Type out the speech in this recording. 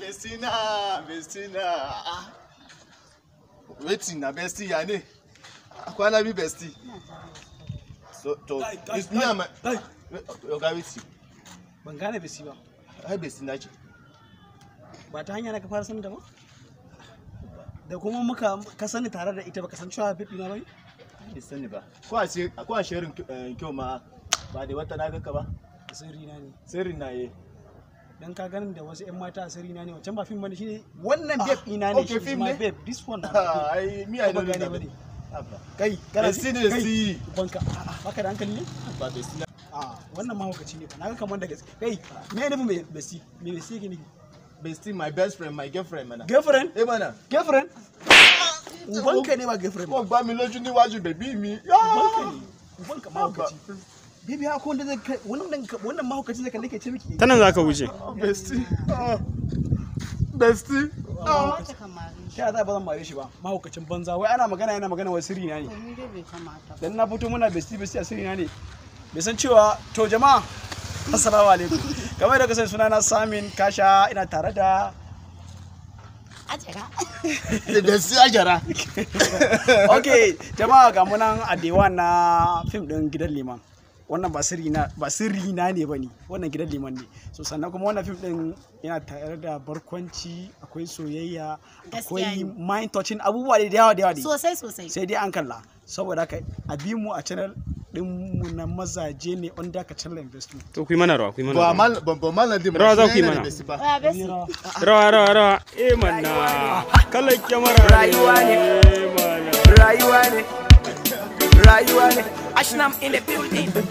bestie na na ah. wetin na bestie ya ne akwana bi bestie to is me am yo wetin ban gane bestie ba ai bestie na ce ba ta hanya ka fara sanin ba da kuma muka ka sani tare da ita ba ka san cewa bibi na ba sani ba ko a shirin eh, kyau ma ba da wata na ka ba sirri na ne sirri na eh. dan ka ganin da wasu yan mata asiri na ne wancan ba film bane shine wannan babe ah, ina ne shi ma babe this one ah, ai mi ai don ne bane kai kana si da si banka baka da hankali ne ba da si a ah, wannan ma mahaukaci ne na ga kaman da gaske kai me ne be si me besti yake ne besti my best friend my girlfriend mana girlfriend eh mana girlfriend ubanka ne ba girlfriend Ko ba mi lójú níwájú baby mi ubanka ne ubanka mahaukaci Bibi akwai wanda zai wannan wannan mahaukaci zai kalle ke ce miki. Tanan zaka wuce. Besti. Ah, besti. Ah, ah. Ta za ba zan mare shi ba mahaukacin banza wai ana magana yana magana wai sirri na ne. Dan na fito muna besti besti a sirri na ne. Bai san cewa to jama'a assalamu alaikum. Kamar da kasance sunana Samin Kasha ina tare da ajara da su ajara Okay, jama'a ga munan a dewa na film din gidan liman wannan ba sirri na ne ba sirri na ne wannan gidan liman ne so sannan kuma wannan fim din yana tare da barkwanci akwai soyayya akwai mind touching abubuwa da yawa da yawa sosai sosai sai dai an kalla saboda haka a mu a channel din mu na mazaje ne on da ka channel investment to ku yi mana rawa ku yi mana rawa ba mal ba mal din rawa za ku yi mana rawa rawa rawa eh manna kala kyamara rayuwa ne eh, rayuwa ne rayuwa ne Ashnam in the building.